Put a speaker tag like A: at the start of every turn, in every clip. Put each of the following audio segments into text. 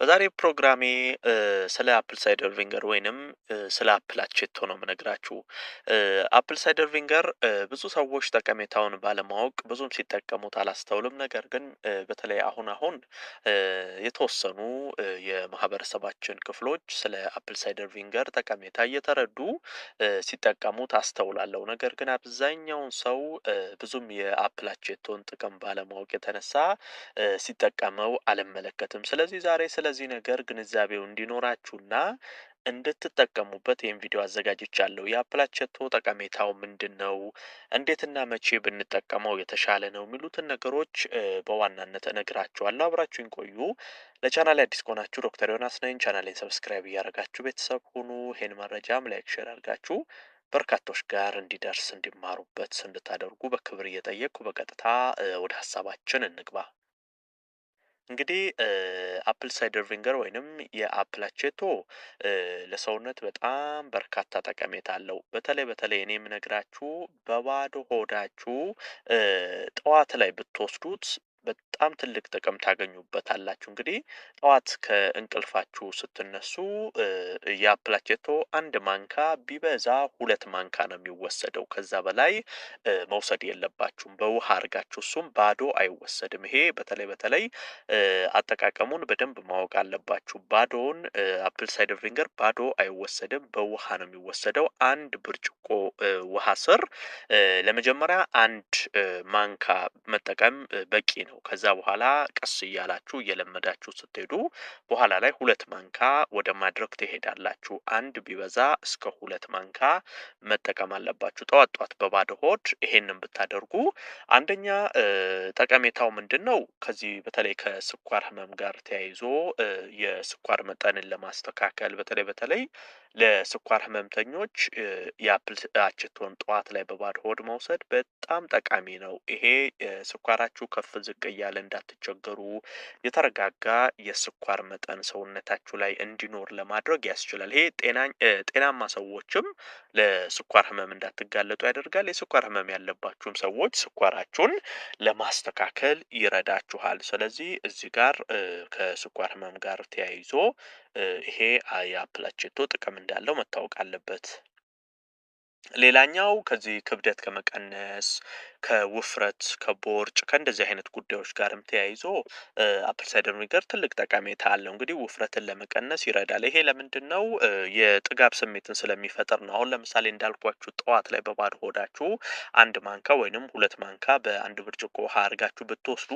A: በዛሬ ፕሮግራሜ ስለ አፕል ሳይደር ቪንገር ወይንም ስለ አፕል አቼቶ ነው የምነግራችሁ። አፕል ሳይደር ቪንገር ብዙ ሰዎች ጠቀሜታውን ባለማወቅ ብዙም ሲጠቀሙት አላስተውልም። ነገር ግን በተለይ አሁን አሁን የተወሰኑ የማህበረሰባችን ክፍሎች ስለ አፕል ሳይደር ቪንገር ጠቀሜታ እየተረዱ ሲጠቀሙት አስተውላለሁ። ነገር ግን አብዛኛውን ሰው ብዙም የአፕል አቼቶን ጥቅም ባለማወቅ የተነሳ ሲጠቀመው አልመለከትም። ስለዚህ ዛሬ ስለ ስለዚህ ነገር ግንዛቤው እንዲኖራችሁና እንድትጠቀሙበት ይህን ቪዲዮ አዘጋጅቻለሁ። የአፕላቸቶ ጠቀሜታው ምንድን ነው፣ እንዴትና መቼ ብንጠቀመው የተሻለ ነው የሚሉትን ነገሮች በዋናነት እነግራችኋለሁ። አብራችሁኝ ቆዩ። ለቻናል አዲስ ከሆናችሁ ዶክተር ዮናስ ነኝ። ቻናሌን ሰብስክራይብ እያደረጋችሁ ቤተሰብ ሁኑ። ይህን መረጃም ላይክ፣ ሼር አድርጋችሁ በርካቶች ጋር እንዲደርስ እንዲማሩበት እንድታደርጉ በክብር እየጠየቅኩ በቀጥታ ወደ ሀሳባችን እንግባ። እንግዲህ አፕል ሳይደር ቪንገር ወይንም የአፕል አቼቶ ለሰውነት በጣም በርካታ ጠቀሜታ አለው። በተለይ በተለይ እኔ የምነግራችሁ በባዶ ሆዳችሁ ጠዋት ላይ ብትወስዱት በጣም ትልቅ ጥቅም ታገኙበታላችሁ። እንግዲህ ጠዋት ከእንቅልፋችሁ ስትነሱ የአፕላቼቶ አንድ ማንካ ቢበዛ ሁለት ማንካ ነው የሚወሰደው። ከዛ በላይ መውሰድ የለባችሁም። በውሃ አድርጋችሁ እሱም ባዶ አይወሰድም። ይሄ በተለይ በተለይ አጠቃቀሙን በደንብ ማወቅ አለባችሁ። ባዶውን አፕል ሳይደር ቪንገር ባዶ አይወሰድም፣ በውሃ ነው የሚወሰደው። አንድ ብርጭቆ ውሃ ስር ለመጀመሪያ አንድ ማንካ መጠቀም በቂ ነው። ነው። ከዛ በኋላ ቀስ እያላችሁ እየለመዳችሁ ስትሄዱ በኋላ ላይ ሁለት ማንካ ወደ ማድረግ ትሄዳላችሁ። አንድ ቢበዛ እስከ ሁለት ማንካ መጠቀም አለባችሁ። ጠዋት ጠዋት በባዶ ሆድ ይሄንን ብታደርጉ አንደኛ ጠቀሜታው ምንድን ነው? ከዚህ በተለይ ከስኳር ህመም ጋር ተያይዞ የስኳር መጠንን ለማስተካከል በተለይ በተለይ ለስኳር ህመምተኞች የአፕል አችቶን ጠዋት ላይ በባዶ ሆድ መውሰድ በጣም ጠቃሚ ነው። ይሄ ስኳራችሁ ከፍ ዝቅ እያለ እንዳትቸገሩ፣ የተረጋጋ የስኳር መጠን ሰውነታችሁ ላይ እንዲኖር ለማድረግ ያስችላል። ይሄ ጤናማ ሰዎችም ለስኳር ህመም እንዳትጋለጡ ያደርጋል። የስኳር ህመም ያለባችሁም ሰዎች ስኳራችሁን ለማስተካከል ይረዳችኋል። ስለዚህ እዚህ ጋር ከስኳር ህመም ጋር ተያይዞ ይሄ የአፕላቼቶ ጥቅም እንዳለው መታወቅ አለበት። ሌላኛው ከዚህ ክብደት ከመቀነስ ከውፍረት ከቦርጭ ከእንደዚህ አይነት ጉዳዮች ጋርም ተያይዞ አፕል ሳይደር ቪኒገር ትልቅ ጠቀሜታ አለው። እንግዲህ ውፍረትን ለመቀነስ ይረዳል። ይሄ ለምንድን ነው? የጥጋብ ስሜትን ስለሚፈጥር ነው። አሁን ለምሳሌ እንዳልኳችሁ ጠዋት ላይ በባዶ ሆዳችሁ አንድ ማንካ ወይንም ሁለት ማንካ በአንድ ብርጭቆ ውሃ አድርጋችሁ ብትወስዱ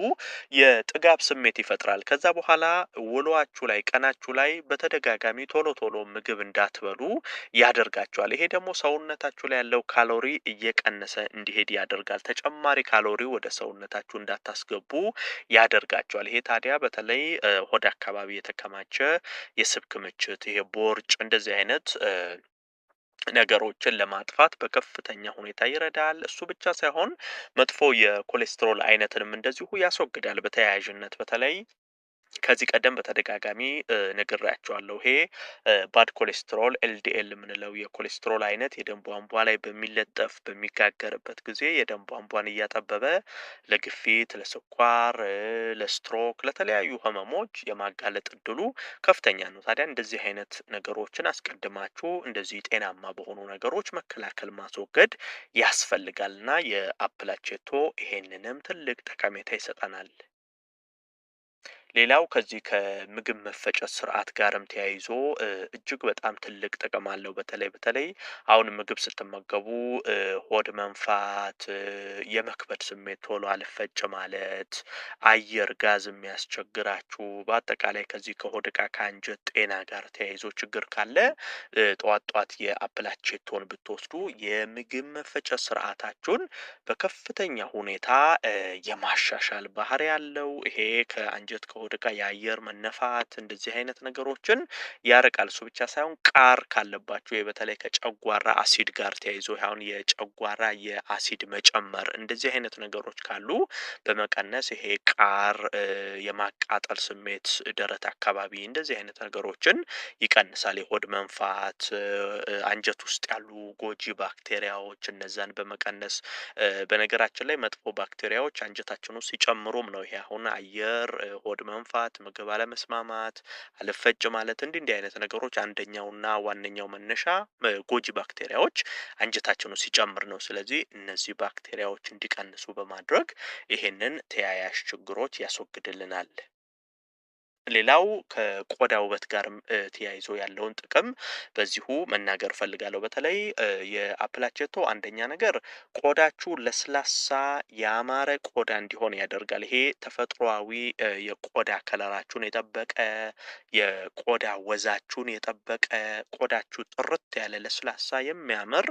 A: የጥጋብ ስሜት ይፈጥራል። ከዛ በኋላ ውሎዋችሁ ላይ ቀናችሁ ላይ በተደጋጋሚ ቶሎ ቶሎ ምግብ እንዳትበሉ ያደርጋቸዋል። ይሄ ደግሞ ሰውነታችሁ ላይ ያለው ካሎሪ እየቀነሰ እንዲሄድ ያደርጋል። ተጨማሪ ካሎሪ ወደ ሰውነታችሁ እንዳታስገቡ ያደርጋቸዋል። ይሄ ታዲያ በተለይ ሆድ አካባቢ የተከማቸ የስብ ክምችት ይሄ ቦርጭ እንደዚህ አይነት ነገሮችን ለማጥፋት በከፍተኛ ሁኔታ ይረዳል። እሱ ብቻ ሳይሆን መጥፎ የኮሌስትሮል አይነትንም እንደዚሁ ያስወግዳል። በተያያዥነት በተለይ ከዚህ ቀደም በተደጋጋሚ ነግሬያቸዋለሁ። ይሄ ባድ ኮሌስትሮል ኤልዲኤል የምንለው የኮሌስትሮል አይነት የደም ቧንቧ ላይ በሚለጠፍ በሚጋገርበት ጊዜ የደም ቧንቧን እያጠበበ ለግፊት፣ ለስኳር፣ ለስትሮክ፣ ለተለያዩ ህመሞች የማጋለጥ እድሉ ከፍተኛ ነው። ታዲያ እንደዚህ አይነት ነገሮችን አስቀድማችሁ እንደዚህ ጤናማ በሆኑ ነገሮች መከላከል ማስወገድ ያስፈልጋልና የአፕላቼቶ ይሄንንም ትልቅ ጠቀሜታ ይሰጠናል። ሌላው ከዚህ ከምግብ መፈጨት ስርዓት ጋርም ተያይዞ እጅግ በጣም ትልቅ ጥቅም አለው። በተለይ በተለይ አሁን ምግብ ስትመገቡ ሆድ መንፋት፣ የመክበድ ስሜት ቶሎ አልፈጭ ማለት፣ አየር ጋዝ የሚያስቸግራችሁ በአጠቃላይ ከዚህ ከሆድ ዕቃ ከአንጀት ጤና ጋር ተያይዞ ችግር ካለ ጠዋት ጠዋት የአፕላቼቶን ብትወስዱ የምግብ መፈጨት ስርዓታችሁን በከፍተኛ ሁኔታ የማሻሻል ባህሪ ያለው ይሄ ከአንጀት ወደቃ የአየር መነፋት እንደዚህ አይነት ነገሮችን ያርቃል። እሱ ብቻ ሳይሆን ቃር ካለባችሁ በተለይ ከጨጓራ አሲድ ጋር ተያይዞ አሁን የጨጓራ የአሲድ መጨመር እንደዚህ አይነት ነገሮች ካሉ በመቀነስ ይሄ ቃር የማቃጠል ስሜት ደረት አካባቢ እንደዚህ አይነት ነገሮችን ይቀንሳል። የሆድ መንፋት፣ አንጀት ውስጥ ያሉ ጎጂ ባክቴሪያዎች እነዛን በመቀነስ በነገራችን ላይ መጥፎ ባክቴሪያዎች አንጀታችን ውስጥ ሲጨምሩም ነው ይሄ አሁን አየር ሆድ መንፋት፣ ምግብ አለመስማማት፣ አልፈጭ ማለት እንዲህ እንዲህ አይነት ነገሮች አንደኛውና ዋነኛው መነሻ ጎጂ ባክቴሪያዎች አንጀታችን ውስጥ ሲጨምር ነው። ስለዚህ እነዚህ ባክቴሪያዎች እንዲቀንሱ በማድረግ ይሄንን ተያያዥ ችግሮች ያስወግድልናል። ሌላው ከቆዳ ውበት ጋር ተያይዞ ያለውን ጥቅም በዚሁ መናገር እፈልጋለሁ። በተለይ የአፕላቼቶ አንደኛ ነገር ቆዳችሁ ለስላሳ ያማረ ቆዳ እንዲሆን ያደርጋል። ይሄ ተፈጥሯዊ የቆዳ ከለራችሁን የጠበቀ የቆዳ ወዛችሁን የጠበቀ ቆዳችሁ ጥርት ያለ ለስላሳ የሚያምር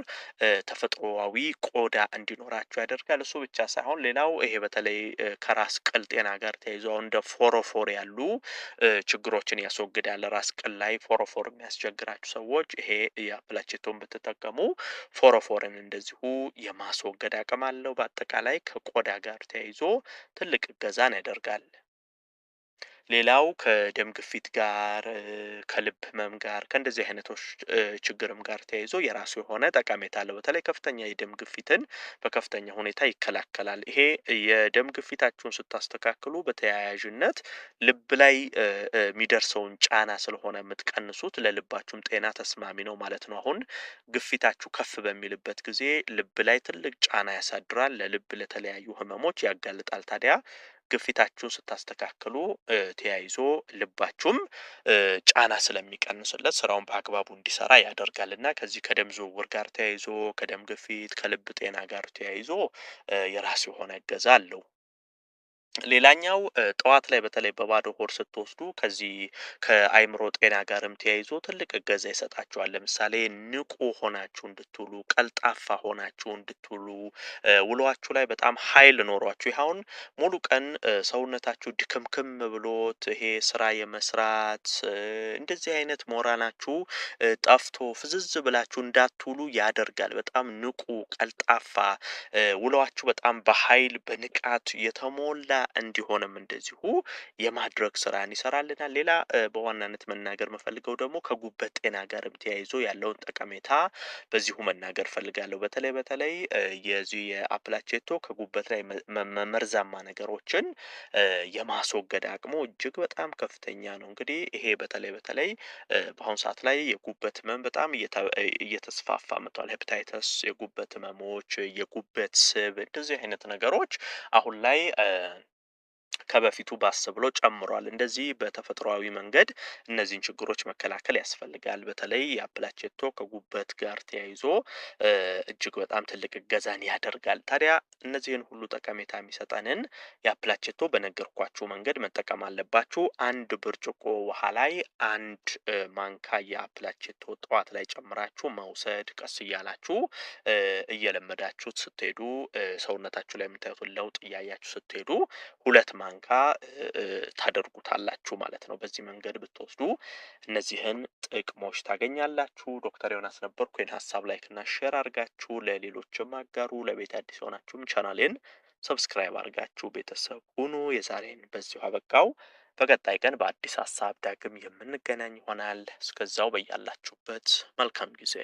A: ተፈጥሯዊ ቆዳ እንዲኖራችሁ ያደርጋል። እሱ ብቻ ሳይሆን ሌላው ይሄ በተለይ ከራስ ቅል ጤና ጋር ተያይዞ እንደ ፎሮፎር ያሉ ችግሮችን ያስወግዳል። ራስ ላይ ፎረፎር የሚያስቸግራችሁ ሰዎች ይሄ የአፕላቼቶን ብትጠቀሙ ፎረፎርን እንደዚሁ የማስወገድ አቅም አለው። በአጠቃላይ ከቆዳ ጋር ተያይዞ ትልቅ እገዛን ያደርጋል። ሌላው ከደም ግፊት ጋር ከልብ ህመም ጋር ከእንደዚህ አይነቶች ችግርም ጋር ተያይዞ የራሱ የሆነ ጠቀሜታ አለው። በተለይ ከፍተኛ የደም ግፊትን በከፍተኛ ሁኔታ ይከላከላል። ይሄ የደም ግፊታችሁን ስታስተካክሉ በተያያዥነት ልብ ላይ የሚደርሰውን ጫና ስለሆነ የምትቀንሱት ለልባችሁም ጤና ተስማሚ ነው ማለት ነው። አሁን ግፊታችሁ ከፍ በሚልበት ጊዜ ልብ ላይ ትልቅ ጫና ያሳድራል፣ ለልብ ለተለያዩ ህመሞች ያጋልጣል። ታዲያ ግፊታችሁን ስታስተካክሉ ተያይዞ ልባችሁም ጫና ስለሚቀንስለት ስራውን በአግባቡ እንዲሰራ ያደርጋል እና ከዚህ ከደም ዝውውር ጋር ተያይዞ ከደም ግፊት ከልብ ጤና ጋር ተያይዞ የራሱ የሆነ እገዛ አለው። ሌላኛው ጠዋት ላይ በተለይ በባዶ ሆድ ስትወስዱ ከዚህ ከአይምሮ ጤና ጋርም ተያይዞ ትልቅ እገዛ ይሰጣችኋል። ለምሳሌ ንቁ ሆናችሁ እንድትውሉ፣ ቀልጣፋ ሆናችሁ እንድትውሉ፣ ውሏችሁ ላይ በጣም ኃይል ኖሯችሁ ይኸውን ሙሉ ቀን ሰውነታችሁ ድክምክም ብሎት ይሄ ስራ የመስራት እንደዚህ አይነት ሞራናችሁ ጠፍቶ ፍዝዝ ብላችሁ እንዳትውሉ ያደርጋል። በጣም ንቁ ቀልጣፋ ውሏችሁ በጣም በኃይል በንቃት የተሞላ እንዲሆንም እንደዚሁ የማድረግ ስራን ይሰራልናል። ሌላ በዋናነት መናገር መፈልገው ደግሞ ከጉበት ጤና ጋርም ተያይዞ ያለውን ጠቀሜታ በዚሁ መናገር ፈልጋለሁ። በተለይ በተለይ የዚህ የአፕላቼቶ ከጉበት ላይ መርዛማ ነገሮችን የማስወገድ አቅሙ እጅግ በጣም ከፍተኛ ነው። እንግዲህ ይሄ በተለይ በተለይ በአሁኑ ሰዓት ላይ የጉበት ህመም በጣም እየተስፋፋ መጥቷል። ሄፕታይተስ፣ የጉበት ህመሞች፣ የጉበት ስብ እንደዚህ አይነት ነገሮች አሁን ላይ ከበፊቱ ባስ ብሎ ጨምሯል። እንደዚህ በተፈጥሯዊ መንገድ እነዚህን ችግሮች መከላከል ያስፈልጋል። በተለይ የአፕላቼቶ ከጉበት ጋር ተያይዞ እጅግ በጣም ትልቅ እገዛን ያደርጋል። ታዲያ እነዚህን ሁሉ ጠቀሜታ የሚሰጠንን የአፕላቼቶ በነገርኳችሁ መንገድ መጠቀም አለባችሁ። አንድ ብርጭቆ ውሃ ላይ አንድ ማንካ የአፕላቼቶ ጠዋት ላይ ጨምራችሁ መውሰድ ቀስ እያላችሁ እየለመዳችሁት ስትሄዱ ሰውነታችሁ ላይ የምታዩትን ለውጥ እያያችሁ ስትሄዱ ሁለት ማንካ ታደርጉታላችሁ ማለት ነው። በዚህ መንገድ ብትወስዱ እነዚህን ጥቅሞች ታገኛላችሁ። ዶክተር ዮናስ ነበርኩ። ይህን ሀሳብ ላይክና ሼር አድርጋችሁ ለሌሎችም አጋሩ። ለቤት አዲስ የሆናችሁም ቻናሌን ሰብስክራይብ አድርጋችሁ ቤተሰብ ሁኑ። የዛሬን በዚሁ አበቃው። በቀጣይ ቀን በአዲስ ሀሳብ ዳግም የምንገናኝ ይሆናል። እስከዛው በያላችሁበት መልካም ጊዜ